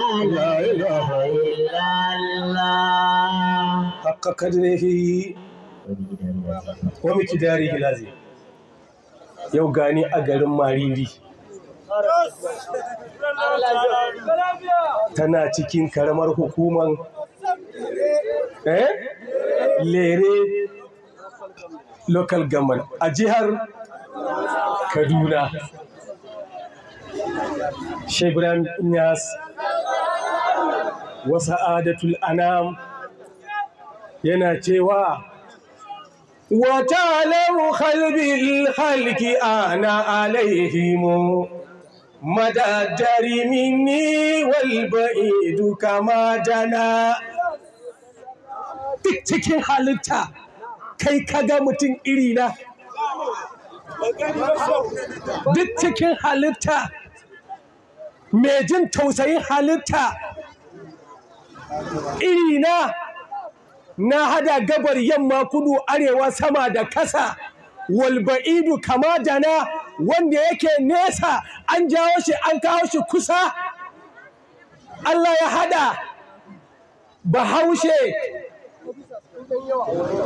لا إله إلا yau a garin mariri tana cikin karamar hukuman eh? lere local government a jihar kaduna shebran Inyas wa sa'adatul anam yana cewa wa ta'alu khalbil khalqi ana alaihim madaddari minni wal ba'idu kama dana duk cikin halitta kai kaga mutum iri na duk cikin halitta mai jin tausayin halitta irina na hada gabar yamma kudu arewa sama da kasa walba'idu kama da na wanda yake nesa an jawo shi an kawo shi kusa Allah ya hada bahaushe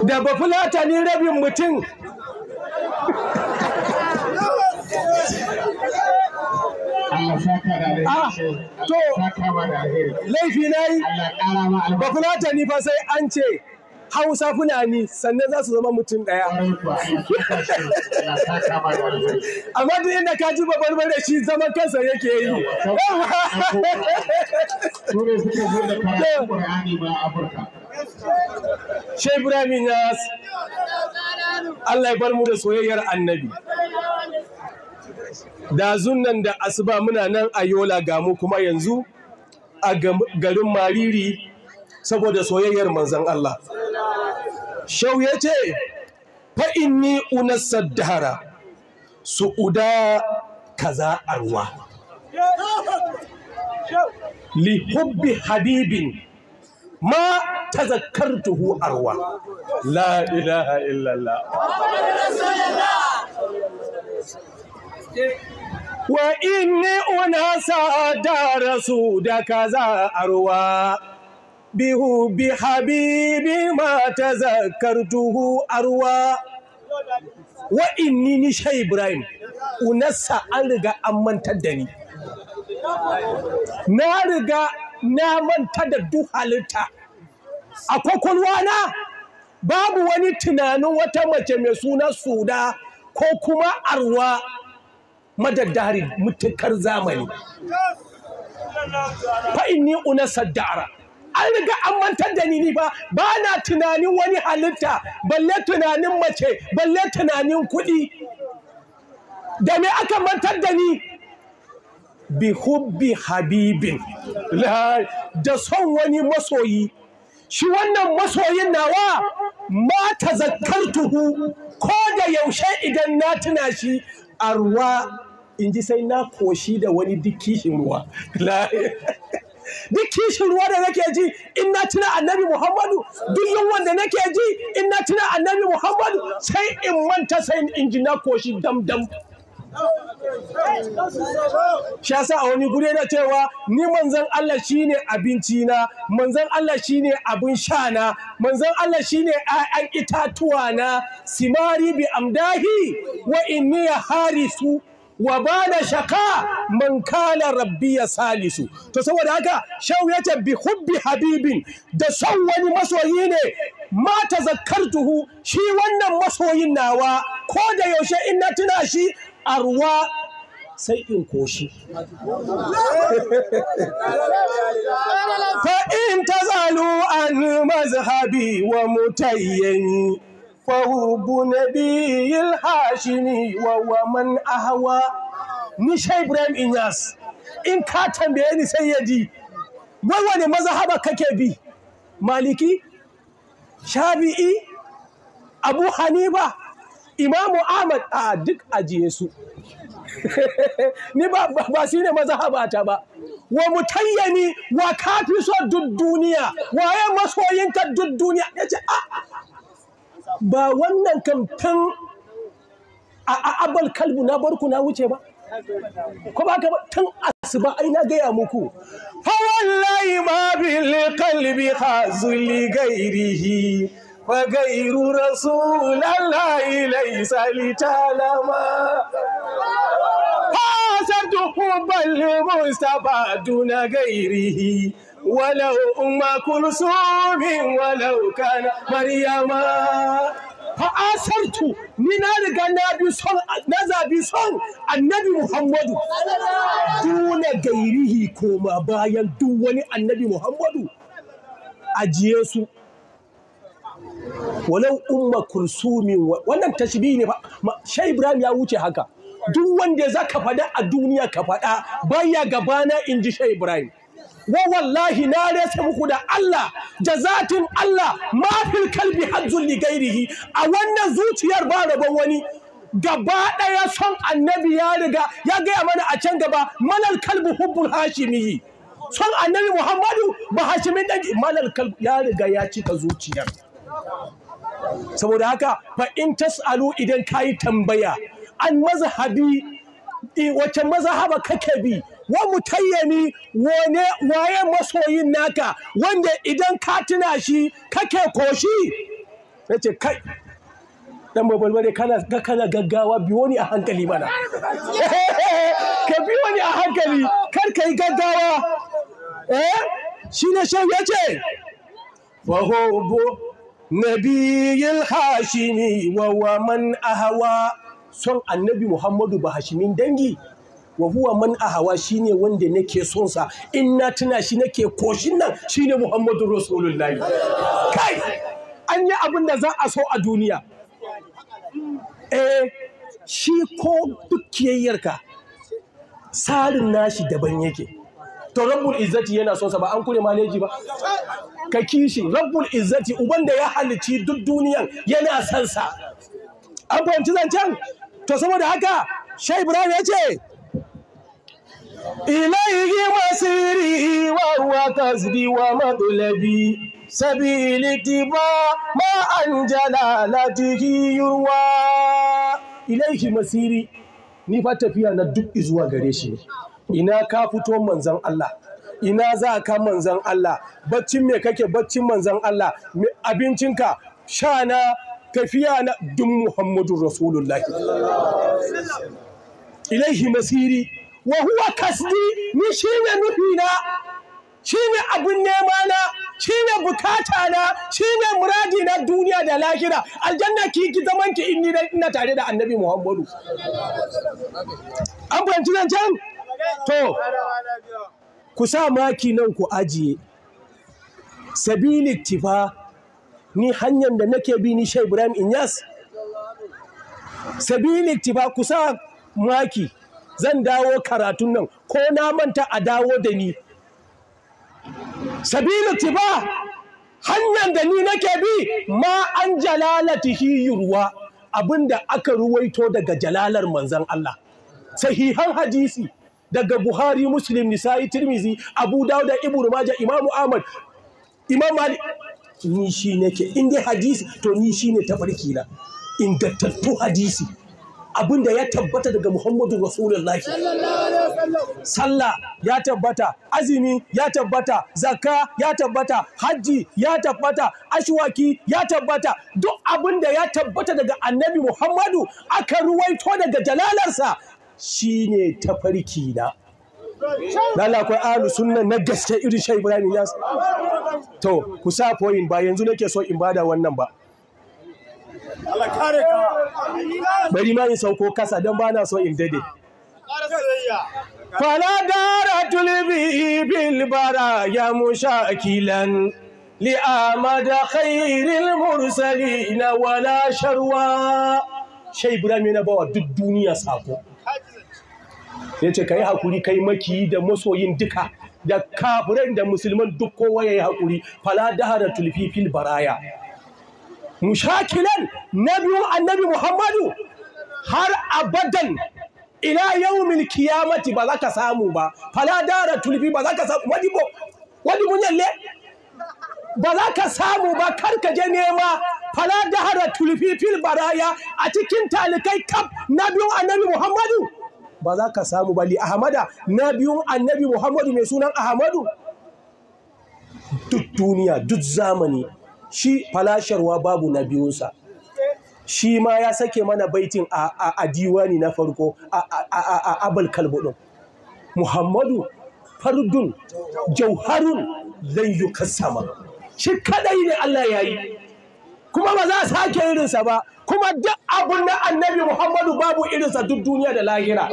da bafulata ni rabin mutum Ah, to laifi na yi ba ni fa sai an ce hausa fulani sannan za su zama mutum ɗaya amma duk inda ka ji babbar da shi zaman kansa yake yi Shai Ibrahim ya Allah ya bar mu da soyayyar annabi. da zunnan da asuba muna nan a yola gamu kuma yanzu a garin mariri saboda soyayyar manzan Allah shau ya ce fa'inni unassar dahara su uda kaza arwa li hubbi habibin ma tuhu arwa la ilaha illallah wa inni unasa rasu da kaza arwa bihu bi habibi ma tazakkartuhu arwa wa inni ni shay ibrahim unasa an riga an mantar da ni na riga na manta da duk halitta a na, babu wani tunanin wata mace mai suna suda ko kuma arwa madaddari mutukar zamani fa inni una saddara. an riga an mantar da ni ni ba ba na tunanin wani halitta balle tunanin mace balle tunanin kuɗi da me aka mantar da ni bi hubbi habibin da son wani masoyi shi wannan masoyin nawa ma tazakkartuhu ko da yaushe idan na tuna shi arwa in ji sai na koshi da wani duk ruwa duk ruwa da nake ji in na tuna annabi muhammadu duk yunwan da nake ji in na tuna annabi muhammadu sai in manta sai in ji na koshi dam dam shi sa a wani guri na cewa ni manzan Allah ne abinci na manzan Allah shi ne abin sha na manzan Allah shi ne yayan itatuwa na simari bi amdahi wa inni su. wa ba da shaka man kana rabbi ya salisu to saboda haka shau ya ce bi hubbi habibin da son wani masoyi ne mata ma tuhu shi wannan masoyin nawa ko da yaushe in na tuna shi arwa sai in koshi fa in tazalu an mazhabi wa mutayyani fahubu na biyar hashi ne wa wa a hawa ni shai brem inyas in ka tambaye ni sai ya ji wai wane maza haɓa kake bi maliki shabi'i abu haniba imamu ahmad a duk ajiye su ni ba ba ne maza haɓa ba wa mutayyani wa kafi so duk duniya wa ya masoyinta duk duniya ya ce a ba wannan kan a abal kalbu na barku na wuce ba ko ba ka ba tun asuba ai na gaya muku fa wallahi ma bil qalbi hazul gairihi fa gairu rasulallahi laysa litalama fa saddu hubal mustafa duna gairihi ولو أم كلثوم ولو كان مريما fa'asartu ni na riga na bi son annabi Muhammadu duna gairihi koma bayan duk wani annabi Muhammadu ajiye su walau umma kursumi wannan tashbihi ne fa Ibrahim ya wuce haka duk wanda zaka faɗa a duniya ka fada baya gabana inji Shai Ibrahim wa wallahi na rese muku da Allah jazatin Allah ma fil kalbi hadzul li ghairihi a wannan zuciyar ba rabon wani gaba ɗaya son annabi ya riga ya gaya mana a can gaba malal kalbu hubbul Hashimi. son annabi muhammadu ba hashimin ɗanki malal kalbu ya riga ya cika zuciyar saboda haka fa in tas'alu idan kayi tambaya an mazhabi eh, wace mazhaba kake bi wa mutayyani wane waye masoyin naka wanda idan ka tuna shi kake koshi yace kai dan babalbare kana ga kana gaggawa biyo ni a hankali mana ka biyo ni a hankali kar ka yi gaggawa eh shi ne shan yace fa hubu nabiyil hashimi wa man ahwa son annabi muhammadu ba hashimin dangi wa huwa man ahawa shine wanda nake son sa in na tuna shi nake koshin nan shine Muhammadu Rasulullahi kai an yi abin da za a so a duniya eh shi ko dukiyayyarka tsarin nashi daban yake to rabbul izzati yana son sa ba an kure maleji ba ka kishi rabbul izzati uban da ya halici duk duniyan yana son sa an fahimci zancen to saboda haka shai ibrahim ya ce إليه مسيري وهو قصدي ومطلبي سبيل اتباع ما عن جلالته يروى إليه ni fa tafiya na duk izuwa gare shi ne ina ka fito manzan Allah ina za ka manzan Allah baccin me kake baccin manzan Allah abincinka sha na tafiya na duk Muhammadu Rasulullahi ilaihi masiri wa huwa kasdi ni shine nufina shine abun nema na shine bukata na shine muradi na duniya da lahira aljanna ki ki zaman ki inni ina tare da annabi muhammadu an fahimci nan can to ku sa maki nan ku ajiye sabili tifa ni hanyar da nake bi ni shai ibrahim inyas sabili tifa ku sa maki zan dawo karatun nan ko na manta a dawo da ni sabila tiba hanyar da ni nake bi ma an jalalatihi yurwa abinda aka ruwaito daga jalalar manzan Allah sahihan hadisi daga Buhari Muslim Nisa'i Tirmizi Abu Dawud da Ibnu Majah Imam Ahmad Imam Ali ni shi nake in dai hadisi to ni shi ta tafarki na ingantattu hadisi abin da ya tabbata daga Muhammadu Rasulullahi. Sallah ya tabbata, azumi ya tabbata, zakka ya tabbata, hajji ya tabbata, ashwaki ya tabbata, duk abin da ya tabbata daga annabi Muhammadu aka ruwaito daga jalalarsa shine tafarki na. Lala kwa alu sunna na gaske irin Shaibu Ibrahim sa. To, ku sa yin ba yanzu nake so in bada wannan ba. bari ma in sauko kasa don ba na so in dade fala dara tulbi bil bara ya akilan li amada khairil mursalin wala sharwa shai ibrahim yana bawa duk duniya sako ya ce ka yi haƙuri kai maki da masoyin duka da kafuran da musulman duk kowa ya yi haƙuri fala dahara tulfi fil baraya mushakilan nabiyun annabi Muhammadu har abadan ila yawmin kiyamati ba za ka samu ba fala dara tulbi ba za ka samu wadi bo wadi munyalle ba za ka samu ba kar ka je nema fala dara tulfi fil baraya a cikin talikai kaf nabiyun annabi Muhammadu ba za ka samu ba li ahmada nabiyun annabi Muhammadu mai sunan Ahmadu duk duniya duk zamani shi falasharwa babu na biyunsa shi ma ya sake mana baitin a diwani na farko a abal kalbudin muhammadu fardun jauharun zai yi kasama shi kadai ne allah ya yi kuma ba za a sake irinsa ba kuma duk abun na annabi muhammadu babu irinsa duk duniya da lahira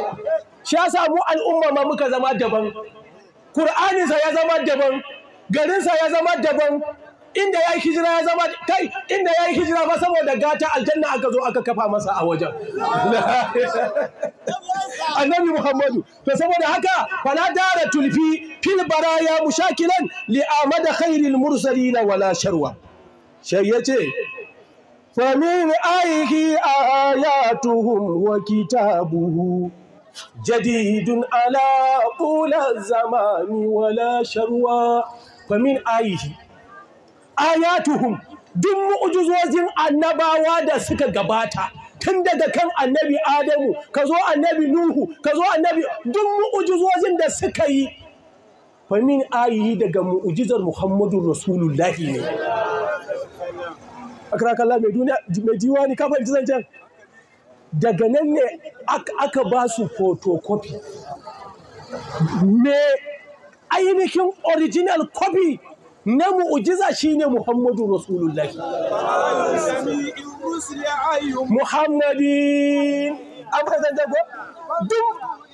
shi ya samu al'umma ma muka zama daban ƙur'aninsa ya zama daban garinsa ya zama daban inda ya yi hijira ya zama kai inda ya yi hijira ba saboda gata aljanna aka zo aka kafa masa a wajen annabi muhammadu to saboda haka fala dara tulfi fil baraya mushakilan li amada khairil mursalina wala sharwa sai yace فمن آيه آياتهم jadidun جديد على طول wala ولا fa min آيه ayatuhum duk mu'jizojin annabawa da suka gabata tun daga kan annabi Adamu ka zo annabi Nuhu ka zo annabi duk mu'jizojin da suka yi famin ayi daga mu'jizar Muhammadu Rasulullahi ne akrakallah mai duniya mai ne, ka fahimci zancen daga nan ne aka ba su photocopy me ainihin original copy na mu'ujiza shine Muhammadu Rasulullah Muhammadin an kasance ko duk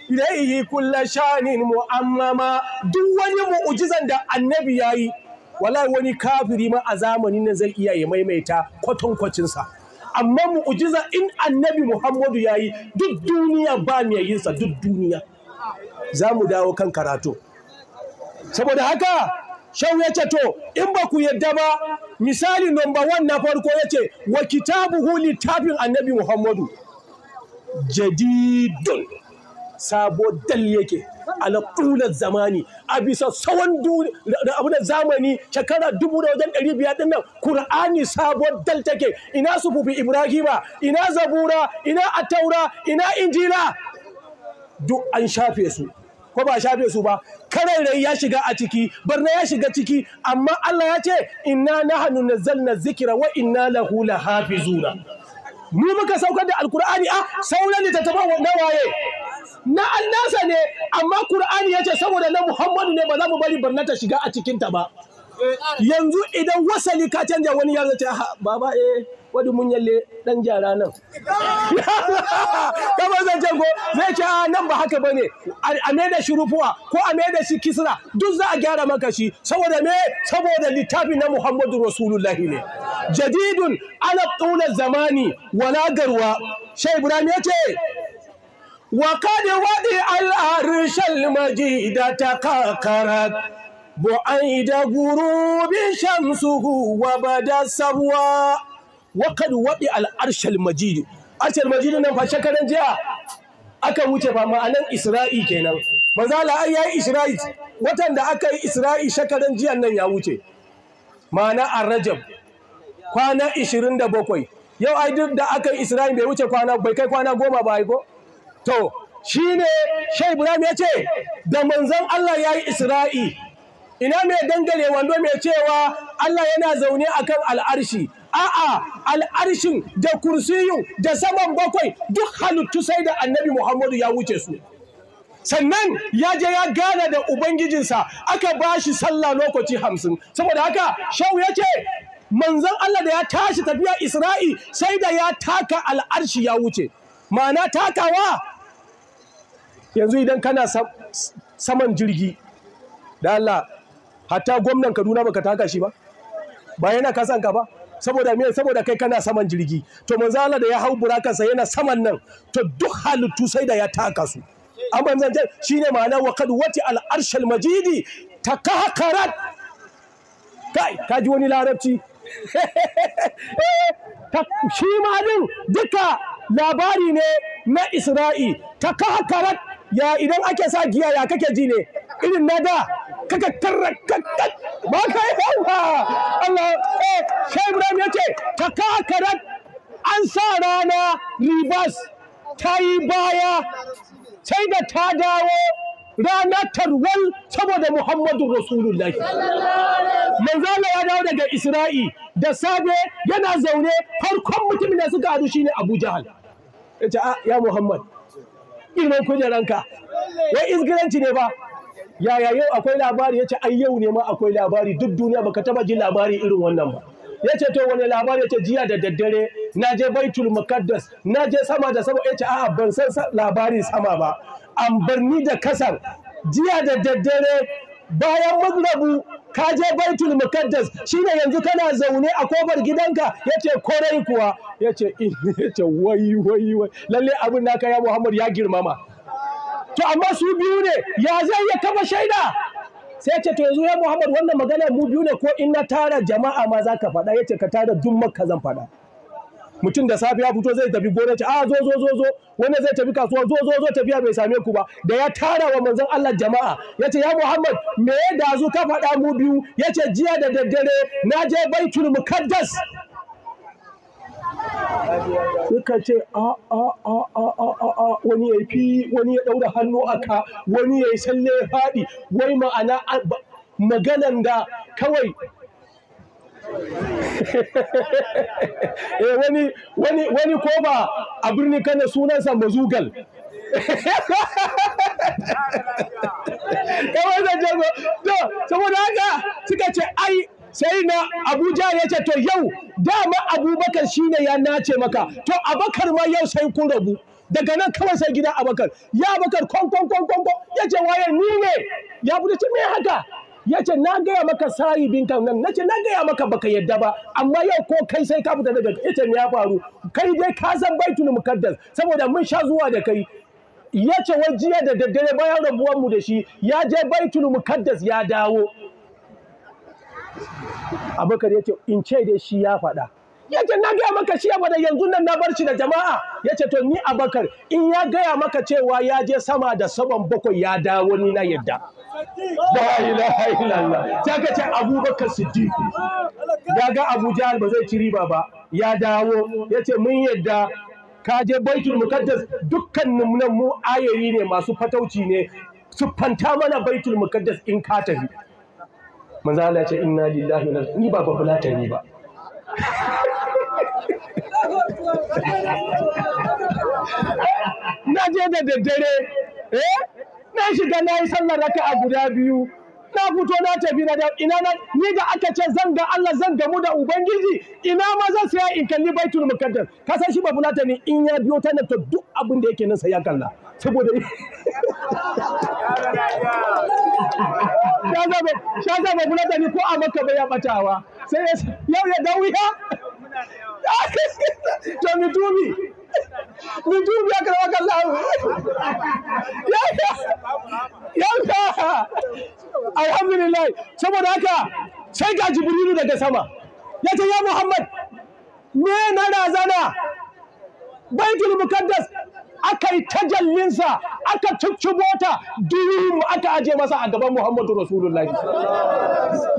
ilaihi shanin mu'amma duk wani mu'ujizan da annabi yayi wala wani kafiri ma a zamanin nan zai iya ya maimaita kwatankwacinsa amma mu'ujiza in annabi Muhammadu yayi duk duniya ba mai yinsa duk duniya za mu dawo kan karatu saboda haka Shau ya ce to in ba ku yadda ba misali nomba wan na farko ya ce wa kitabu huli tafin annabi Muhammadu jadidun sabo dal yake ala zamani a bisa tsawon abin zamani shekara dubu da wajen ɗari biyar ɗin nan Kur'ani sabon dal take ina bufi Ibrahima ina Zabura ina Ataura ina Injila duk an shafe su ko ba shafe su ba rai ya shiga a ciki barna ya shiga ciki amma Allah ya ce inna nahnu nazzalna zikra wa inna lahu lahafizuna mu muka saukar da alkur'ani a sauran littattafan na waye na annasa ne amma qur'ani ya ce saboda na muhammadu ne ba za mu bari barna ta shiga a cikinta ba yanzu idan wasali ka canja wani ya zace baba eh wadi mun yalle dan jara nan kamar zance ko zai ce ah, nan ba haka bane a me da shi ko a me da shi kisra duk za a gyara maka shi saboda me saboda littafi na muhammadu rasulullahi ne jadidun ala tuna zamani wala garwa shai ibrahim ya ce wadi al arshal ta تقاكرت Bo an yi shan suhu بعيد ba da sabuwa. Wa وقد waɗi العرش المجيد عرش المجيد nan fa shekaran jiya aka wuce fa ma'anan Isra'i kenan ba. za Allah ai yi Isra'i watan da aka yi Isra'i shekaran jiya nan ya wuce ma'ana a rajab kwana 27 yau ai duk da aka yi Isra'i bai wuce kwana bai kai kwana goma ba aiko? ko to shine Shehu Ibrahim ya ce da manzon Allah ya yi Isra'i ina mai dangane wando mai cewa Allah yana zaune a kan al'arshi a'a al'arshin da kursiyu da saman bakwai duk halittu sai da annabi Muhammadu ya wuce su sannan ya je ya gana da ubangijinsa aka ba shi sallah lokaci hamsin saboda haka shau ya ce manzon Allah da ya tashi tafiya Isra'i sai da ya taka al'arshi ya wuce ma'ana takawa yanzu idan kana saman jirgi da Allah hatta gwamnan Kaduna baka taka shi ba ba yana kasan ka ba saboda me saboda kai kana saman jirgi to manzo Allah da ya hau burakansa yana saman nan to duk halittu sai da ya taka su amma Allah shine ma'ana wa qad wati al al majidi takahkarat kai ji wani larabci shi ma din duka labari ne na Isra'i takahkarat ya idan ake sa giya ya kake ji ne irin na da kaka tarra ba ka yawa Allah eh Shehu Ibrahim yace kaka karat an sa rana ribas ta yi baya sai da ta dawo ranar tarwal saboda Muhammadu Rasulullahi. Manzala ya dawo daga Isra'i da safe yana zaune farkon mutumin da suka hadu shine Abu Jahal. Ya ce, ah, ya Muhammad, girman kujeranka, wai izgiranci ne ba, yaya yau akwai labari ya ce ai yau ne ma akwai labari duk duniya baka taba ji labari irin wannan ba ya ce to wani labari ya ce jiya da daddare na je baitul muqaddas na je sama da sama ya ce a'a ban san labari sama ba an ni da kasar jiya da daddare bayan magrabu ka je baitul muqaddas shine yanzu kana zaune a kofar gidanka ya ce korai kuwa Ya ce in eh. ya ce wai wai wai lalle abin naka ya Muhammad ya girmama to amma su biyu ne ya zai ya kafa shaida sai ce to yanzu ya Muhammad wannan magana mu biyu ne ko in na tara jama'a ma za ka faɗa Ya ce ka tara duk makka zan faɗa mutum da safiya fito zai tafi gona ce a ah, zo zo zo zo wanda zai tafi kasuwa zo zo zo tafiya bai same ku ba da ya tara wa manzon Allah jama'a Ya ce ya Muhammad me ya dazu ka faɗa mu biyu Ya ce jiya da daddare na je baitul muqaddas suka ce a a a a a a a wani ya fi wani ya ɗaura hannu a ka wani ya yi salle faɗi wai ma'ana maganan da kawai eh, wani wani wani ko ba a birni kana sunansa mazugal kawai da jago to saboda haka suka ce ai sai na abuja ya ce to yau dama abubakar shine ya nace maka to abakar ma yau sai kun rabu daga nan kawai sai gida abakar ya abakar kon kon kon ya ce waye ni ne ya fi ce me haka ya ce na gaya maka sayi bin kan nan na ce na gaya maka baka yadda ba amma yau ko kai sai ka fita daga ya ce me ya faru kai dai ka san baitul muqaddas saboda mun sha zuwa da kai ya ce wai da daddare bayan rabuwar mu da shi ya je baitul muqaddas ya dawo abubakar ya ce in ce dai shi ya faɗa ya ce na gaya maka shi ya faɗa yanzu nan na bar shi da jama'a ya ce to ni abubakar in ya gaya maka cewa ya je sama da saman bakwai ya dawo ni na yadda ta ka ce abubakar siddiqi ya ga abu ba zai ci riba ba ya dawo ya mun yadda ka je baitul muqaddas dukkanin nan mu ayari ne masu fatauci ne su fanta mana baitul muqaddas in ka tafi manzo Allah ya ce inna lillahi wa ni ba bafulatani ba na je da daddare eh na shiga na yi sallar raka'a guda biyu na fito na tafi na da ina na ni da aka ce zan ga Allah zan gamu da ubangiji ina ma zan saya in kalli baitul muqaddas ka san shi babulatani in ya biyo ta to duk abin da yake nan sai ya kalla saboda sha sa ba kula ni ko a maka bai ya batawa sai yau ya dawo ya to mitubi mitubi ya karwa kallahu ya ya ya alhamdulillah saboda haka sai ga jibrilu daga sama ya ce ya muhammad me na razana baitul mukaddas aka yi tajallinsa aka cuccubo ta aka ajiye masa a gaban Muhammadu Rasulullahi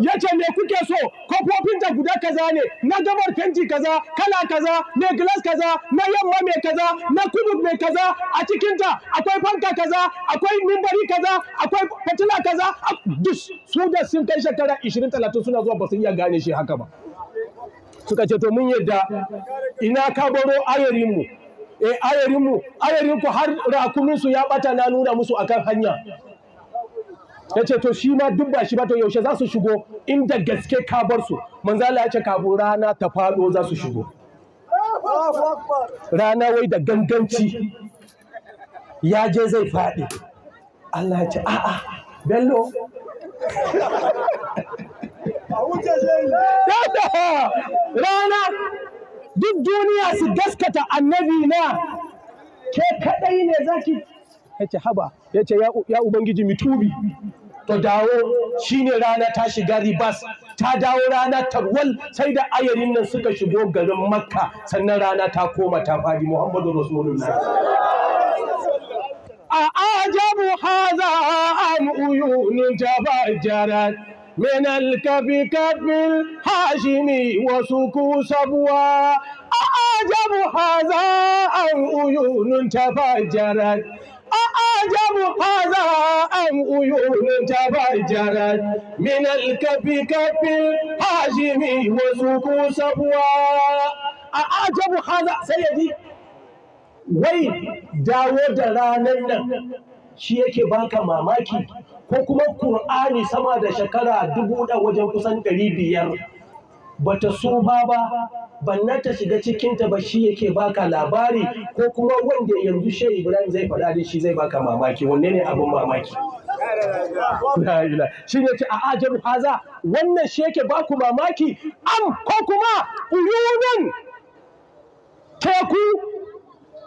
ya ce me kuke so kofofin da guda kaza ne na gabar fenti kaza kala kaza mai glass kaza na yamma mai kaza na kubut mai kaza a cikinta akwai fanka kaza akwai mimbari kaza akwai fatila kaza duk su da sun kai shekara 20 30 suna zuwa ba su iya gane shi haka ba suka ce to mun yadda ina ka baro ayarinmu eh ayarinmu ayarinku har rakuminsu ya ɓata na nuna musu akan hanya ya ce to shi ma duk ba shi ba to yaushe za su shigo inda gaske ka bar su manzala ya ce kafin rana ta faɗo za su shigo rana wai da ganganci ya je zai faɗi Allah ya ce a'a bello rana duk duniya su gaskata annabi na ke kadai ne zaki yace haba yace ya ubangiji mitubi to dawo shine rana ta shiga ribas ta dawo rana tarwal sai da ayarin nan suka shigo garin makka sannan rana ta koma ta fadi muhammadu rasulullah a ajabu haza an uyunin jabajarat من الكف كف الحاشمي وسكو صبوا أعجب هذا أم عيون تفجرت أعجب هذا أم عيون تفجرت من الكف كف الحاشمي وسكو صبوا أعجب هذا سيدي wai dawo da ranar nan shi yake baka mamaki ko kuma Kur'ani sama da shekara dubu da wajen kusan ɗari biyar bata so ba ba banna ta shiga cikinta ba shi yake baka labari ko kuma wanda yanzu shi ibrahim zai faɗa da shi zai baka mamaki wanne ne abin mamaki shi ne ce a ajiyar haza wannan shi yake baku mamaki am ko kuma uyunin teku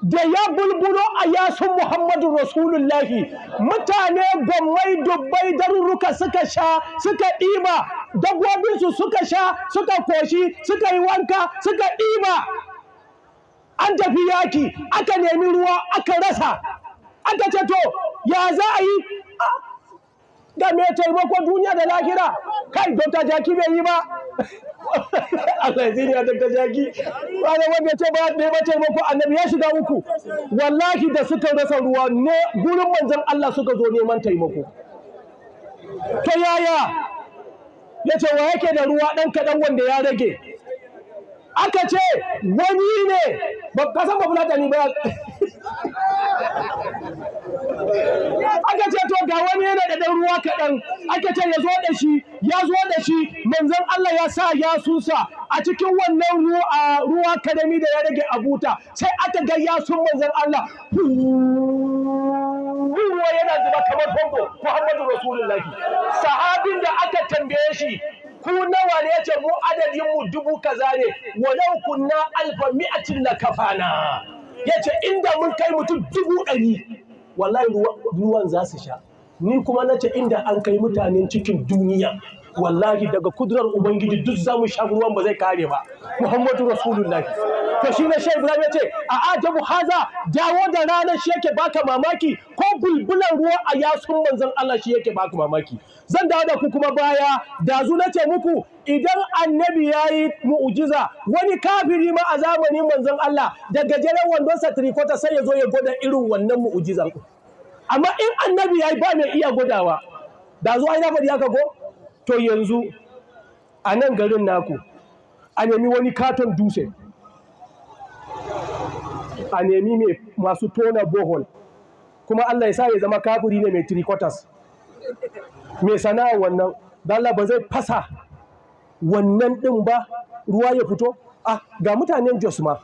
da ya bulbulo a yasun Muhammadu Rasulullahi mutane gwammai dubbai darurruka suka sha suka ɗiba dabbobinsu suka sha suka koshi suka yi wanka suka ɗiba an tafi yaki aka nemi ruwa aka rasa aka ce ya za a yi ga me taimakon duniya da lahira kai dokta jaki bai yi ba Allah zai ya dokta jaki wanda wanda ce ba da ya taimako annabi ya shiga uku wallahi da suka rasa ruwa ne gurin manzan Allah suka zo neman taimako to yaya ce wa yake da ruwa dan kaɗan wanda ya rage aka ce wani ne ba kasan ba latani ba aka to ga wani yana da dan ruwa kaɗan aka ce ya zo da shi ya zo da shi manzon Allah ya sa ya susa a cikin wannan ruwa ruwa kadami da ya rage abuta sai aka ga ya sun manzon Allah ruwa yana zuba kamar famfo Muhammadu Rasulullahi sahabin da aka tambaye shi ku nawa ne yace mu adadin mu dubu kaza ne walau kunna alfa mi'atin la kafana yace inda mun kai mutum dubu ɗari wallahi ruwan za su sha ni kuma na ce inda an kai mutanen cikin duniya wallahi daga kudurar ubangiji duk zamu sha ruwan ba zai kare ba muhammadu rasulullahi to shi ne shehu ibrahim ya ce a ajabu haza dawo da ranar shi yake baka mamaki ko bulbulan ruwa a yasun manzon Allah shi yake baka mamaki zan dawo da ku kuma baya da zu nace muku idan annabi yayi mu'ujiza wani kafiri ma a zamanin manzon Allah da gajeren wando trikota sai ya zo ya gwada irin wannan mu'ujizan. amma in annabi yayi ba mai iya gwadawa da zuwa ina faɗi haka ko to yanzu a nan garin naku a nemi wani katon dutse a nemi mai masu tona bohol kuma Allah ya sa ya zama kafuri ne mai three mai sana'a wannan Allah ba zai fasa wannan ɗin ba ruwa ya fito ah ga mutanen Jos ma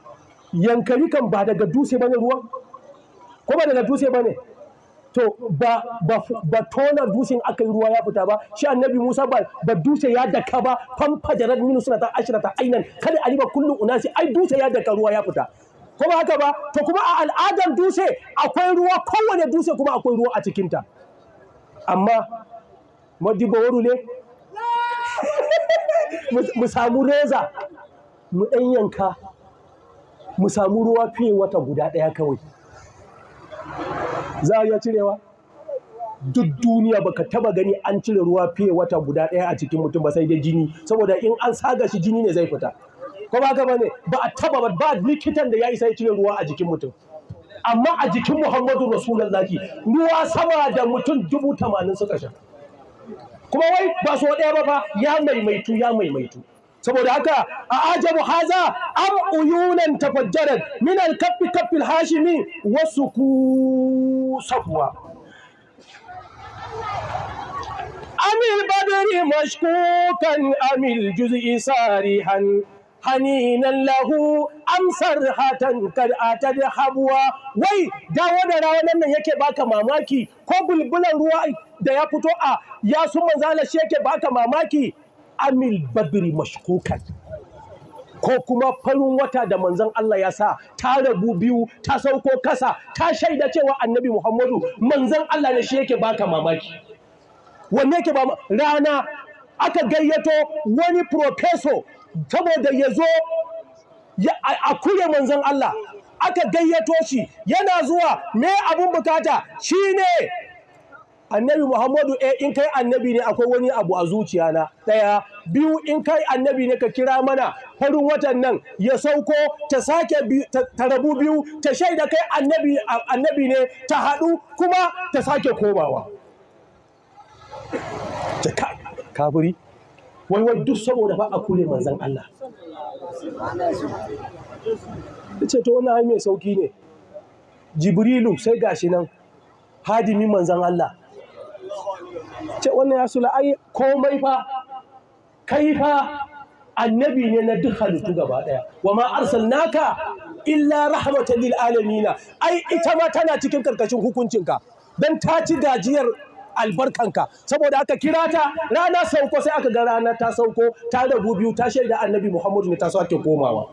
yankari kan ba daga dutse bane ruwan ko daga dutse bane to ba ba ba tona dutsen aka ruwa ya fita ba shi annabi Musa ba ba dutse ya daka ba famfa jarar minu suna ta ta ainan kada a riba kullum unasi ai dutse ya daka ruwa ya fita kuma haka ba to kuma a al'adar dutse akwai ruwa kowane dutse kuma akwai ruwa a cikinta amma waru ne mu samu reza mu ɗan yanka mu samu ruwa fiye wata guda ɗaya kawai za a iya cirewa duk duniya baka taba gani an cire ruwa fiye wata guda ɗaya a cikin mutum ba sai dai jini saboda in an saga shi jini ne zai fita ko ba ka bane ba a taba ba ba likitan da ya isa ya cire ruwa a jikin mutum amma a jikin Muhammadu Zaki, ruwa sama da mutum dubu tamanin suka sha kuma wai ba so ɗaya ba fa ya maimaitu ya maimaitu saboda haka a ajabu haza am uyunan tafajjarat min al-kaffi kaffil hashimi wasu ku safuwa. Amil badari mashkukan amil juz'i sarihan haninan lahu amsar hatan kar atada habwa wai dawo da wannan rawa nan ne yake baka mamaki ko bulbulan ruwa da ya fito a ya su manzala shi yake baka mamaki amil badri mashkukan ko kuma farin wata da manzon Allah ya sa ta rabu biyu ta sauko kasa ta shaida cewa annabi Muhammadu manzon Allah ne shi yake baka mamaki wanne yake ba rana aka gayyato wani professor saboda ya zo a kure manzon Allah aka gayyato shi yana zuwa me abun bukata shine annabi Muhammadu eh in kai annabi ne akwai wani abu a zuciya na daya biyu in kai annabi ne ka kira mana farin watan nan ya sauko ta sake ta rabu biyu ta shaida kai annabi ne ta haɗu kuma ta sake komawa kaburi wai wai duk saboda ba a kure manzan Allah ce to wani hanyar sauki ne jibrilu sai gashi nan hadimin manzan Allah ce wannan ya sula ai komai fa Kaifa annabi ne na duk halittu gaba daya wa ma arsalnaka illa rahmatan lil alamin ai ita ma tana cikin karkashin hukuncinka dan ta ci gajiyar albarkanka saboda aka kira ta rana sauko sai aka ga rana ta sauko ta rabu biyu ta shaida annabi muhammadu ne ta sake komawa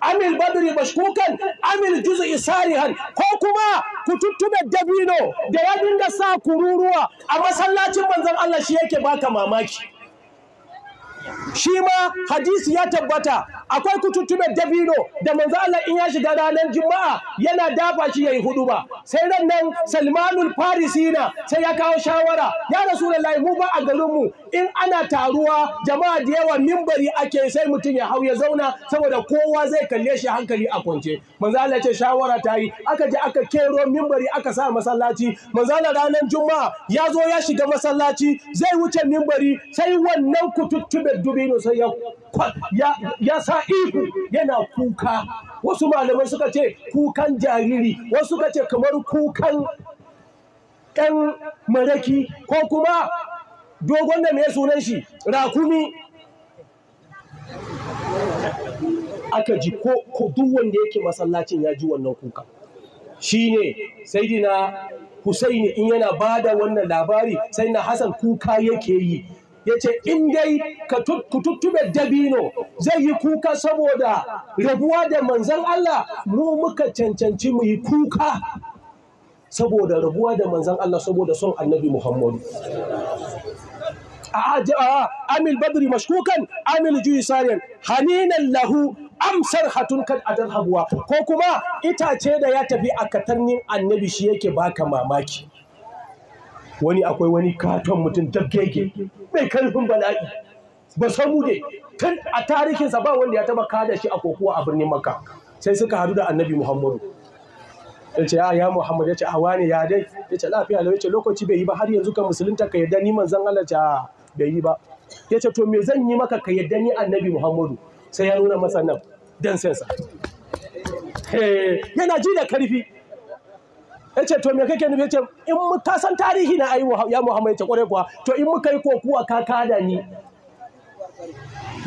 amil badri Bashkukan, amil juz'i Isarihan ko kuma ku tuttube dabino da ya dinga sa kururuwa a masallacin manzon Allah shi yake baka mamaki shi ma hadisi ya tabbata akwai kututtuɓe dabino da manzo Allah in ya shiga ranar juma'a yana dafa shi yayi hudu ba sai ran nan Salmanul Farisina sai ya kawo shawara ya Rasulullahi mu ba a garin mu in ana taruwa jama'a da yawa mimbari ake sai mutum ya hau ya zauna saboda kowa zai kalle shi hankali a kwance manzo Allah ce shawara ta yi aka je aka kero mimbari aka sa masallaci manzo Allah ranar juma'a ya zo ya shiga masallaci zai wuce mimbari sai wannan kututtuɓe dubino sai ya sa ihu yana kuka wasu malamai suka ce kukan jariri wasu suka ce kamar kukan ɗan maraki ko kuma dogon da mai sunan shi rakumi aka ji ko duk wanda yake masallacin ya ji wannan kuka shine saidina Hussaini in yana ba da wannan labari sai na Hassan kuka yake yi ya ce in dai ka tuttube dabino zai yi kuka saboda rabuwa da manzan Allah mu muka cancanci mu yi kuka saboda rabuwa da manzan Allah saboda son annabi Muhammadu. Amil Badri mashkukan, Amil Juyi Sariyan, haninan lahu amsar hatun kan adar habuwa ko kuma itace da ya tafi a katannin annabi shi yake baka mamaki. wani akwai wani katon mutum keke mai karfin bala'i ba samu dai tun a tarihinsa ba wanda ya taba kada shi a kokowa a birnin makka sai suka hadu da annabi muhammadu ya ce ah, ya muhammad ya ce a ah, ne ya dai ya ce lafiya lau ya ce lokaci bai yi ba har yanzu ka musulunta ka yarda ni manzon Allah ce ah, bai yi ba ya ce to me zan yi maka ka yarda ni annabi muhammadu sai ya nuna masa nan dan sensa yana ji da karfi ya ce to me kake nufi ya ce in ka san tarihi na ayi ya muhammad ya ce kware kuwa to in muka yi kokuwa ka kada ni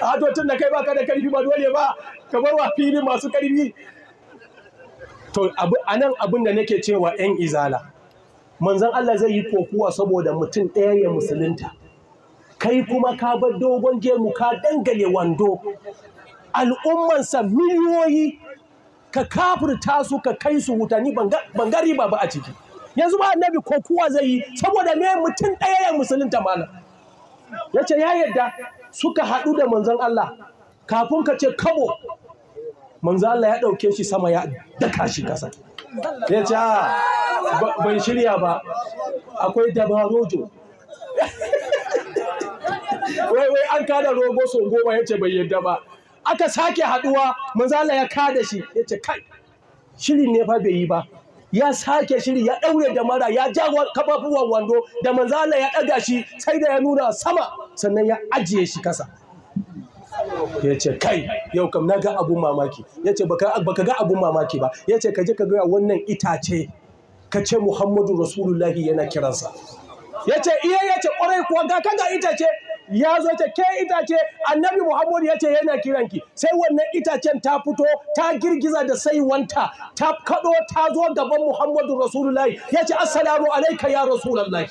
a to tun da kai baka da karfi ba dole ba ka bar wa fili masu karfi to a nan abin da nake cewa yan izala manzon Allah zai yi kokuwa saboda mutum ɗaya ya musulunta kai kuma ka bar dogon gemu ka dangane wando al'ummansa miliyoyi ka kafirta su ka kai su wuta ni ban ga ba a ciki yanzu ba annabi ko kowa zai yi saboda me mutum ɗaya ya musulunta malam ya ce ya yadda suka haɗu da manzon Allah kafin ka ce kabo manzon Allah ya ɗauke shi sama ya daka shi ƙasa ya ce ah, ban shirya ba akwai dabarojo wai wai an kada rogo sau goma ya ce bai yadda ba aka sake haduwa manzala ya kada shi ya ce kai shirin ne fa bai yi ba ya sake shiri ya daure da mara ya ja kafafuwan wando da manzala ya daga shi sai da ya nuna sama sannan ya ajiye shi kasa ya ce kai yau kam na ga abun mamaki ya ce baka ga abun mamaki ba ya ce ka je ka gaya wannan itace ka ce muhammadu rasulullahi yana kiransa ya ce iya ya ce kwarai kuwa ga kaga itace ya zo ce ke itace annabi muhammadu ya ce yana kiranki sai wannan itacen ta fito ta girgiza da saiwanta ta kado ta zo gaban muhammadu rasulullahi ya ce assalamu alaika ya rasulullahi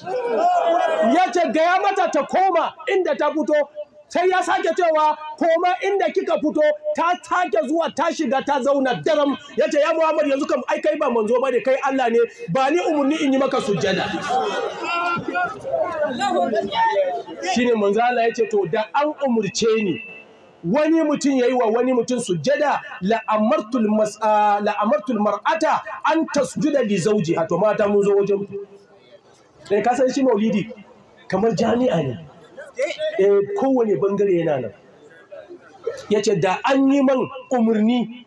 ya ce gaya mata ta koma inda ta fito sai ya sake cewa koma inda kika fito ta sake zuwa ta shiga ta zauna daram yace ya Muhammad yanzu kam ai kai ba manzo ba ne, kai Allah ne ba ni umurni in yi maka sujjada ne manzo Allah yace to da an umarce ni wani mutum yayi wa wani mutum sujjada la'amartul mar'ata an tasjuda li zawjiha to mata mun zo wajen sai eh, ka san shi maulidi kamar jami'a ne eh kowane bangare yana nan yace da an yi man umarni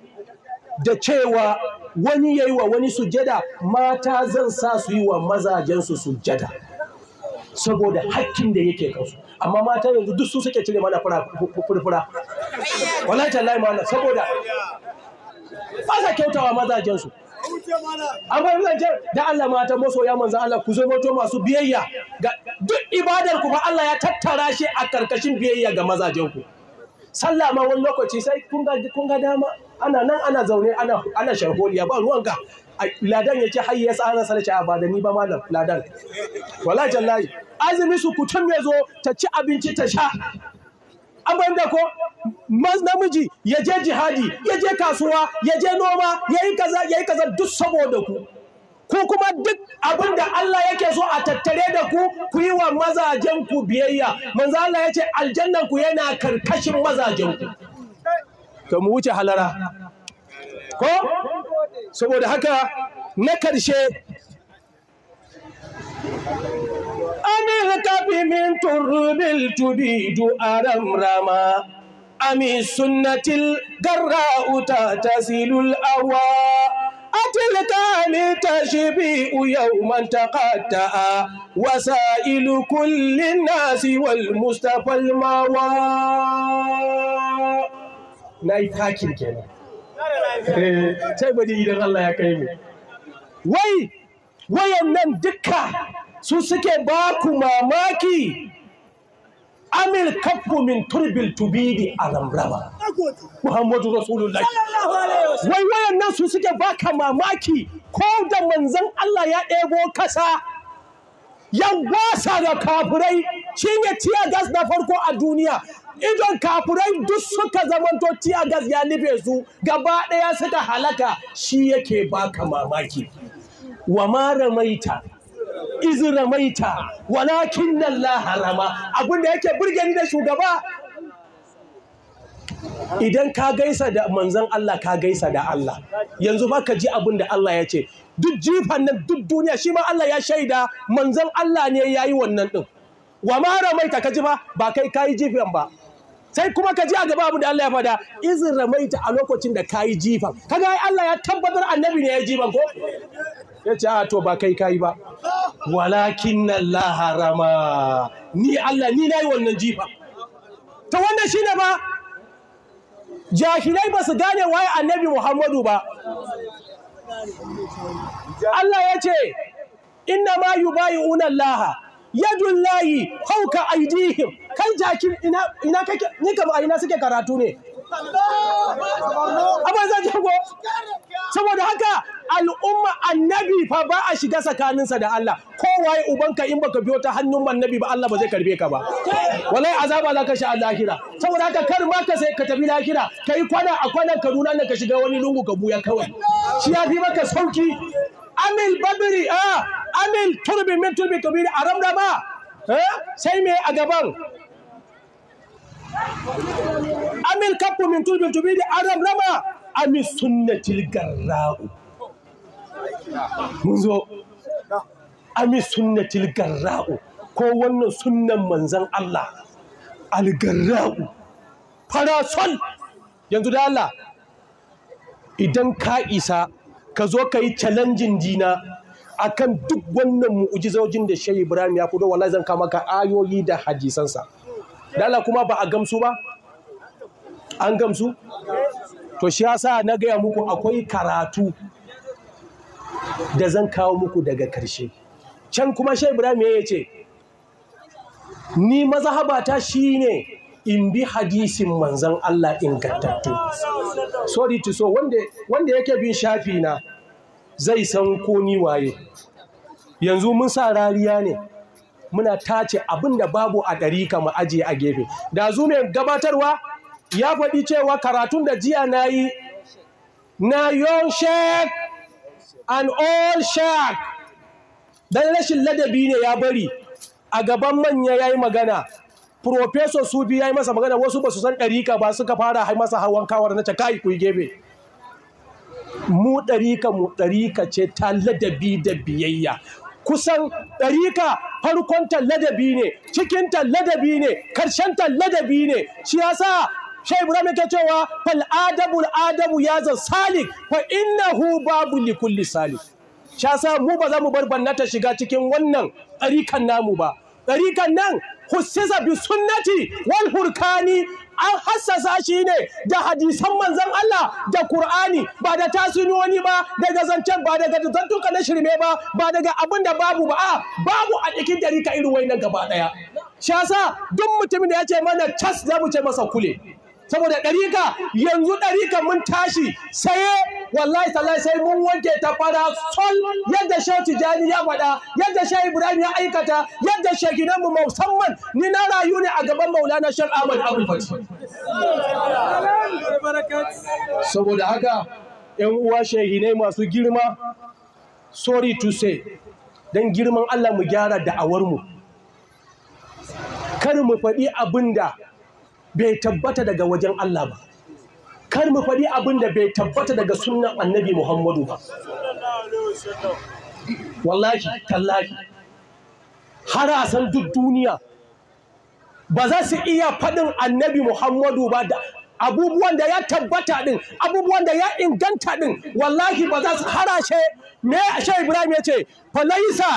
da cewa wani ya yi wa wani sujada mata zan sa su yi wa mazajensu sujada saboda hakkin da yake kansu amma mata yanzu duk su suke cire mana furfura wallahi tallahi mana saboda ba sa kyautawa mazajensu an fahimci zancen da Allah mata masoya manzan Allah ku mato masu biyayya ga duk ibadar ku ba Allah ya tattara shi a karkashin biyayya ga mazajen ku sallah ma wani lokaci sai kun ga kun ga dama ana nan ana zaune ana ana sharholiya ba ruwan ga ladan yace har ya tsara sallaci a ba da ni ba malam ladan wallahi jallahi azumi su kutum ya zo ta ci abinci ta sha abin da ko namiji ya je jihadi ya je kasuwa ya je noma ya yi kaza ya yi kaza duk saboda ku ku kuma duk abin da Allah yake so a tattare da ku ku yi wa mazajen ku biyayya manzo Allah ya ce aljannan ku yana karkashin mazajen ku to mu wuce halara ko saboda haka na karshe أمي كبي من ترب الجديد أرم رما أمي سنة الجراء تتزل الأوى أتلك أمي تشبيء يوما تقطع وسائل كل الناس والمصطفى الماوى نايف حاكم كده sai bari idan Allah ya kai mu wai wayan nan dukka su suke ba ku mamaki amil kafu min turbil tubidi alamrama muhammadu rasulullah wai wayan nan su suke baka mamaki ko da manzon Allah ya ɗebo kasa yan wasa da kafirai shine tiya gas na farko a duniya idon kafirai duk suka zamanto tiya gas ya nufe su gaba ɗaya suka halaka shi yake baka mamaki wa mara maita izramaita walakin Allah rama abinda yake burge ni da shugaba idan ka gaisa da manzon Allah ka gaisa da Allah yanzu ba ka ji abinda da Allah ya ce duk jifan nan duk duniya shi ma Allah ya shaida manzon Allah ne ya yi wannan din wa ma ramaita ka ji ba ba kai ka yi jifan ba sai kuma ka ji a gaba abinda da Allah ya fada izin ramaita a lokacin da ka yi jifan kaga Allah ya tabbatar annabi ne ya jifan ko ya ce to ba kai kai ba walakin na laharama. ni Allah ni nayi wannan jifa ta wannan ne ba jahilai ba su gane waye annabi Muhammadu ba Allah ya ce inna ma unan laha. yadun layi hauka aidihim kai jakin ina kake ni ka a ina suke karatu ne abin zan jago saboda haka al'umma annabi fa ba a shiga tsakaninsa da Allah kowaye ubanka in baka biyo ta hannun annabi ba Allah ba zai karbe ka ba wallahi azaba ka sha a lahira saboda haka kar ma ka sai ka tafi lahira kai kwana a kwana Kaduna ne ka shiga wani lungu ka buya kawai shi ya fi maka sauki amil babiri a ah! amin turbin min turbin kabiri a ramra ba eh, sai me a gaban amin kafu min turbin kabiri a ramra ba amin sunnatil garra'u mun zo amin sunnatil garra'u ko wannan sunnan manzan Allah algarra'u farasol yanzu da Allah idan ka isa ka zo ka yi challenging dina akan duk wannan mu'ujizojin da Shehu Ibrahim ya fito wallahi zan kama ka ayoyi da hadisansa dala kuma ba a gamsu ba an gamsu to shi yasa na gaya muku akwai karatu da zan kawo muku daga karshe can kuma Shehu Ibrahim ya ce ni mazhabata shine in bi hadisin manzon Allah ingantattu sorry to so wanda wanda yake bin shafi na zai san ko waye yanzu mun sa rariya ne muna tace abin da babu a ɗari mu ajiye a gefe da mai gabatarwa ya faɗi cewa karatun da jiya na yi na yon shek an all shek dan rashin ladabi ne ya bari a gaban manya ya yi magana Profesor Subi ya yi masa magana wasu ba su san ɗarika ba suka fara masa hawan kawar na cakai ku gefe. mu ɗarika mu ɗarika ce ta ladabi da biyayya kusan ɗarika farkon talladabi ne cikin talladabi ne karshen ladabi ne shi yasa Shai Ibrahim ta cewa fal Al'adabu adabu ya zan salik fa innahu babu li kulli salik shi yasa mu ba za mu bar bannata shiga cikin wannan ɗarikan namu ba ɗarikan nan hussiza bi sunnati wal hurkani an hassasa shi ne da hadisan manzan Allah da Kur'ani ba da tatsuniyoni ba daga zancen ba daga zantuka na shirme ba ba daga abin da babu ba a babu a cikin dari ka irin na gaba daya shi yasa duk mutumin da ya ce mana cas za mu ce masa kule saboda ɗarika yanzu ɗarika mun tashi saye wallahi tallahi sai mun wanke ta fara sol yadda shehu tijani ya faɗa yadda shehu ibrahim ya aikata yadda shekinan mu musamman ni na rayu ne a gaban maulana shan ahmad abul saboda haka yan uwa shehinai masu girma sorry to say don girman allah mu gyara da'awar mu kar mu faɗi abin da bai tabbata daga wajen Allah ba kar mu faɗi abin da bai tabbata daga sunan annabi Muhammadu ba wallahi tallahi har a san duk duniya ba za su iya faɗin annabi Muhammadu ba da abubuwan da ya tabbata ɗin abubuwan da ya inganta ɗin wallahi ba za su harashe me shi Ibrahim ya ce falaisa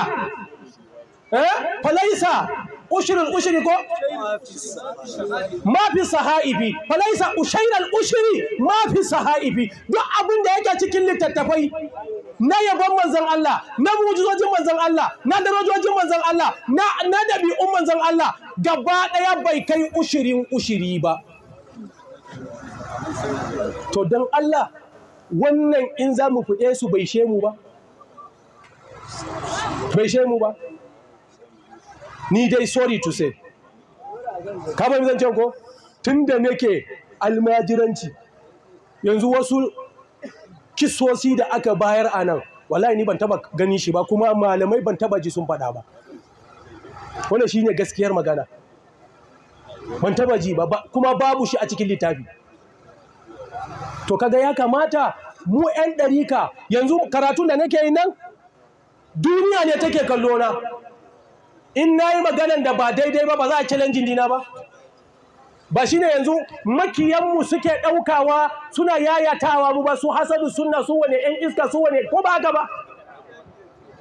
eh falaisa ushirin ushiri ko ma fi sahaifi falaisa al ushiri ma fi sahaifi duk abin da yake cikin littattafai na yabon manzon Allah na mujizojin manzon Allah na darajojin manzon Allah na na dabi'un manzon Allah gaba daya bai kai ushirin ushiri ba to dan Allah wannan in za mu fide su bai shemu ba bai shemu ba ni dai sorry to say ka ba zan ko tun da nake almajiranci yanzu wasu kisosi da aka bayar a nan wallahi ni ban taba gani shi ba kuma malamai ban taba ji sun faɗa ba wannan shine gaskiyar magana ban taba ji ba kuma babu shi a cikin littafi to kaga ya kamata mu 'yan ɗarika yanzu karatun da nake yi nan duniya ne take kallo na in na yi maganan da ba daidai ba ba za a challenging dina ba ba shi ne yanzu makiyanmu suke ɗaukawa suna yayatawa mu ba su hasadu suna su wane ‘yan iska su wane ko ba gaba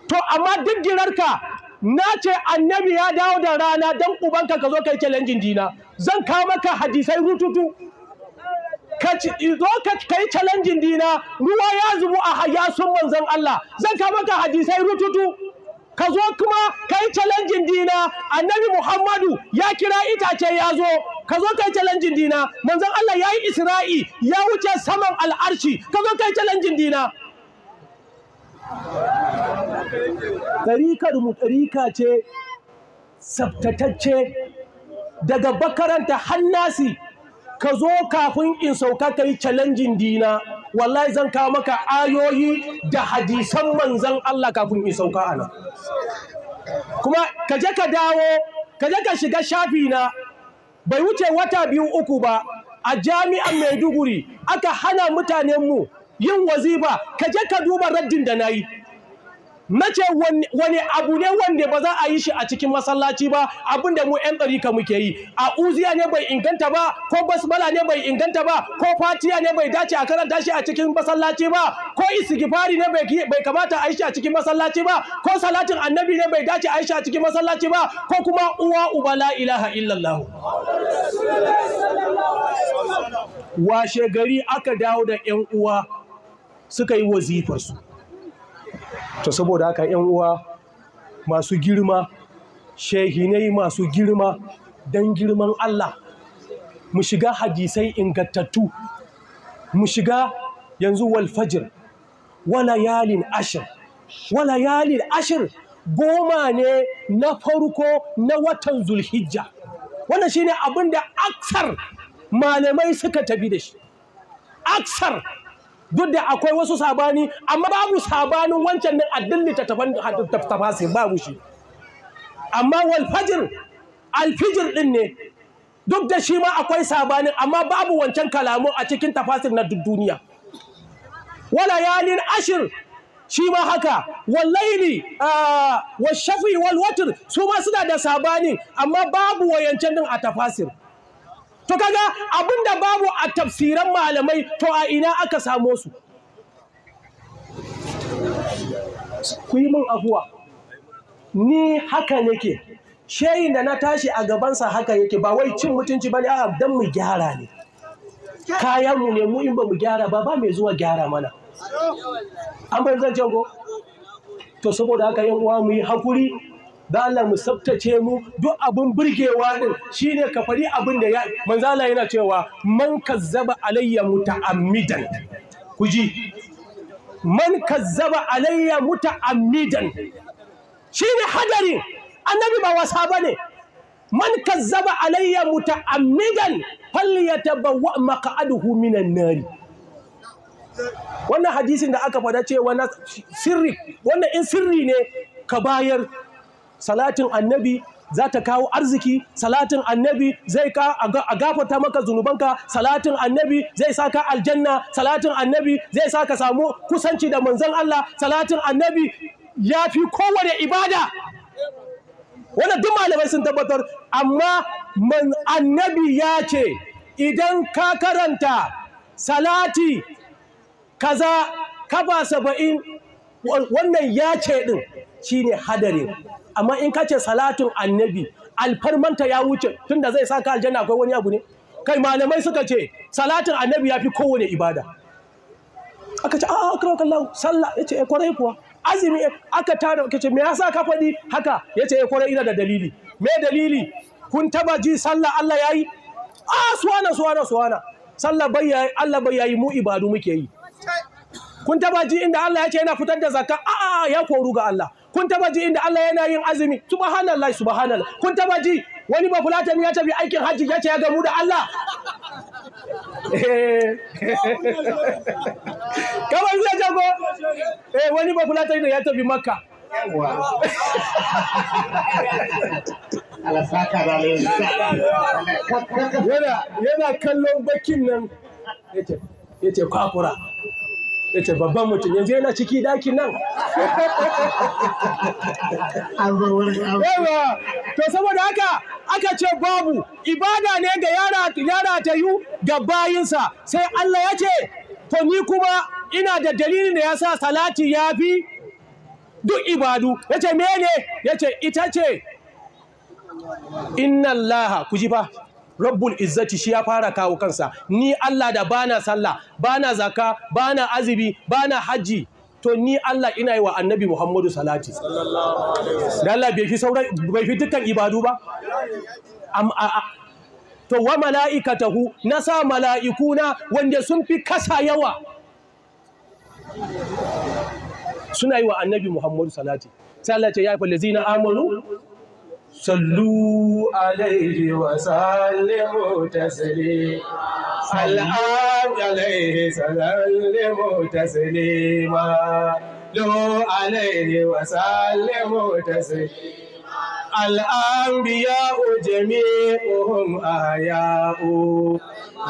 to amma duk girarka na ce annabi ya dawo da rana don ubanka ka zo kai challenging dina zan kawo maka hadisai rututu ka zo ka yi challenging dina ruwa ya zubu a hayasun manzon Allah zan kawo maka hadisai rututu ka zo kuma ka yi challenge dina annabi muhammadu ya kira itace ya zo ka zo ka yi challenge dina manzon allah ya yi isra'i ya wuce saman al'arshi ka zo ka yi challenge dina ɗarikar mu ɗarika ce tsaftatacce daga bakaranta hannasi ka zo kafin in sauka ka yi challenge dina wallahi zan kawo maka ayoyi da hadisan manzan Allah kafin in sauka a nan kuma ka je ka dawo ka je ka shiga shafi na bai wuce wata biyu uku ba a jami'an Maiduguri aka hana mutanenmu yin waziba ka je ka duba raddin da na yi na ce wani abu ne wanda ba za a yi shi a cikin masallaci ba da mu 'yan ɗarika muke yi a uziya ne bai inganta ba ko basmala ne bai inganta ba ko fatiya ne bai dace a karanta shi a cikin masallaci ba ko isigifari ne bai kamata a yi shi a cikin masallaci ba ko salatin annabi ne bai dace a yi shi a cikin masallaci ba ko kuma uwa uba la ilaha illallah washe gari aka dawo da 'yan uwa suka yi wazifarsu to saboda haka yan uwa masu girma shehinai masu girma don girman Allah mu shiga hadisai ingantattu mu shiga yanzu wal fajr wala yalin ashir wala yalin ashir goma ne na farko na watan zulhijja wannan shine abin da aksar malamai suka tafi da shi aksar duk da akwai wasu sabani amma babu sabanin wancan din addin littattafan tafasir babu shi amma wal fajr alfijir din ne duk da shi ma akwai sabanin amma babu wancan kalamu a cikin tafasir na duniya wala yalin ashir shi ma haka wallaili wa shafi wal su ma suna da sabanin amma babu wayancan din a tafasir to kaga abinda babu a tafsiran malamai to a ina aka samo su ku yi min afuwa ni haka nake shehin da na tashi a gabansa haka yake ba wai cin mutunci ba ne. a dan mu gyara ne kayan mu ne mu in ba mu gyara ba ba mai zuwa gyara mana an bai zan ko to saboda haka yan uwa mu yi hakuri da Allah mu tsaftace mu duk abin burgewa din shine ka fari abin da ya manzala yana cewa man kazzaba alayya muta'ammidan kuji man kazzaba alayya muta'ammidan shine hadari annabi ba wasa bane man kazzaba alayya muta'ammidan yatabawwa maq'aduhu minan nari wannan hadisin da aka fada cewa sirri wannan in sirri ne ka bayar salatin annabi za ta kawo arziki salatin annabi zai ka a gafata maka zunubanka salatin annabi zai sa ka aljanna salatin annabi zai sa ka samu kusanci da manzon Allah salatin annabi ya fi kowane ibada wannan duk malamai sun tabbatar amma man annabi ya ce idan ka karanta salati kaza kafa saba'in wannan ya ce din ne hadarin amma in ka ce salatun annabi alfarmanta ya wuce tunda zai sa ka aljanna akwai wani abu ne kai malamai suka ce salatin annabi ya fi kowane ibada aka ce a'a ah, kira kallahu sallah yace ce eh, kwarai kuwa azumi aka tara ka ce me yasa ka faɗi haka yace ce eh, kwarai ina da dalili me dalili kun taba ji sallah Allah ya yi? a ah, suwana suwana suwana sallah bai yayi Allah bai yayi mu ibadu muke yi kun taba ji inda Allah ya ce yana fitar da zakka a'a ya koru ga Allah kun taba ji inda Allah yana yin azumi subhanallah subhanallah kun taba ji wani ba fulatani ya tafi aikin hajji ya ce ya gamu da Allah eh. kamar zai jago eh wani ba fulatani da ya tafi makka yana kallon bakin nan ya ce kwakura ya ce babban mutum yanzu yana ciki daki nan to saboda haka aka ce babu ibada ne ga yara ta yi ga bayinsa sai Allah ya ce to ni kuma ina da dalilin da ya sa salati ya fi duk ibadu ya ce mene ya ce ita ce inna laha, ku ji ba rabbul izzati shi ya fara kawo kansa ni Allah da bana sallah bana zaka bana azibi, bana haji to ni Allah ina yi wa annabi Muhammadu salati da Allah bai fi sauran bai fi dukkan ibadu ba to wa mala'ikatahu na sa mala'ikuna wanda sun fi kasa yawa suna yi wa annabi Muhammadu salati sai ce ya fa lazina amanu صلوا عليه وسلموا تسليما الآن عليه سلموا تسليما لو عليه وسلموا تسليما الأنبياء جميعهم أحياء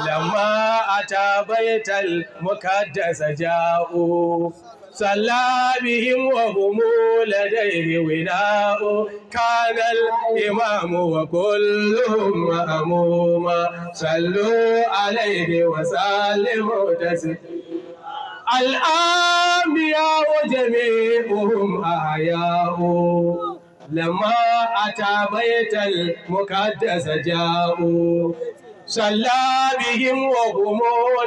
لما أتى بيت المقدس جاءوا صلى بهم وهم لديه وداء كان الإمام وكلهم مأموما صلوا عليه وسلموا تسليما الأنبياء جميعهم أحياء لما أتى بيت المقدس جاءوا صلى بهم وهم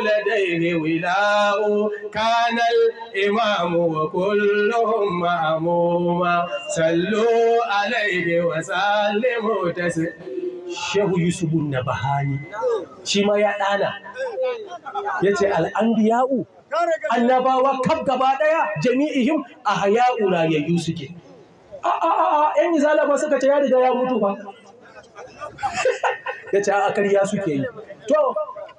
لديه ولاء كان الإمام وكلهم مأموما صلوا عليه وسلموا تسليما Shehu Yusuf na Bahani shi ma ya ɗana ya ce al'andiya'u annabawa kaf gaba ɗaya jami'ihim a haya'u rayayyu suke. A'a, ‘yan izala ba suka ce ya riga ya mutu ba. ya ce a karya suke yi to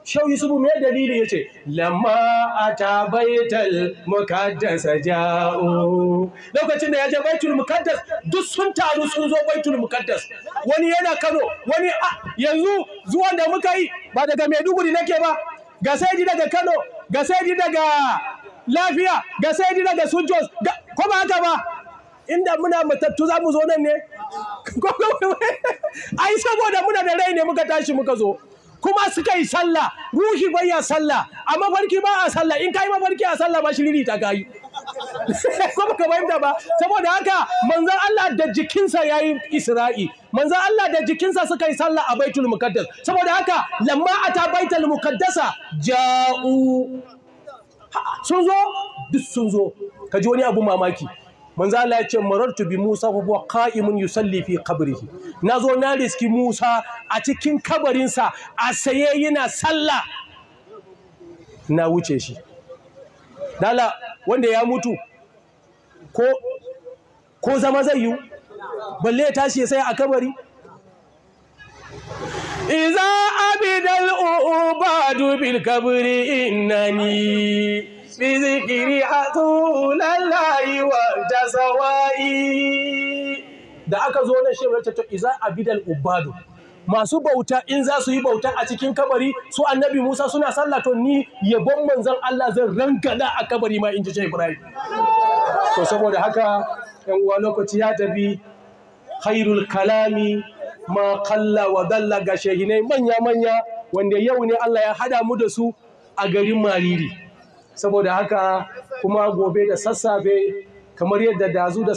shau yusufu mai dalili ya ce lamma a ta baital mukaddas ja'o lokacin da ya je baitul mukaddas duk sun taru sun zo baitul mukaddas wani yana kano wani a, ah, yanzu zuwan da muka yi ba daga maiduguri nake ba ga sai daga kano ga sai daga lafiya ga sai daga sujjos ko ba haka ba inda muna matattu za mu zo nan ne ai saboda muna da rai ne muka tashi muka zo kuma suka yi sallah ruhi bayya sallah a mafarki ba a sallah in kai mafarki a sallah ba shiriri ta kayi ko baka bayyana ba saboda haka manzon Allah da jikinsa yayi Isra'i manzon Allah da jikinsa suka yi sallah a Baitul Muqaddas saboda haka lamma ata Baitul Muqaddasa ja'u sun zo duk sun zo ka ji wani abu mamaki manzo Allah ya ce marartu bi Musa fa huwa qa'imun yusalli fi qabrihi nazo na riski Musa a cikin kabarinsa a saye yana sallah na wuce shi dala wanda ya mutu ko ko zama zai yi balle ya tashi sai a kabari iza abidal ubadu bil kabri innani bizikiri hatulallahi wa tasawai da aka zo na shirin ta to iza abidal ubadu masu bauta in za su yi bauta a cikin kabari su annabi Musa suna sallah to ni yabon manzon Allah zan rankada a kabari ma in ji Ibrahim to saboda haka yan uwa lokaci ya tafi khairul kalami ma kalla wa dalla ga shehine manya manya wanda yau ne Allah ya hada mu da su a garin Mariri saboda haka kuma gobe da sassafe kamar yadda dazu da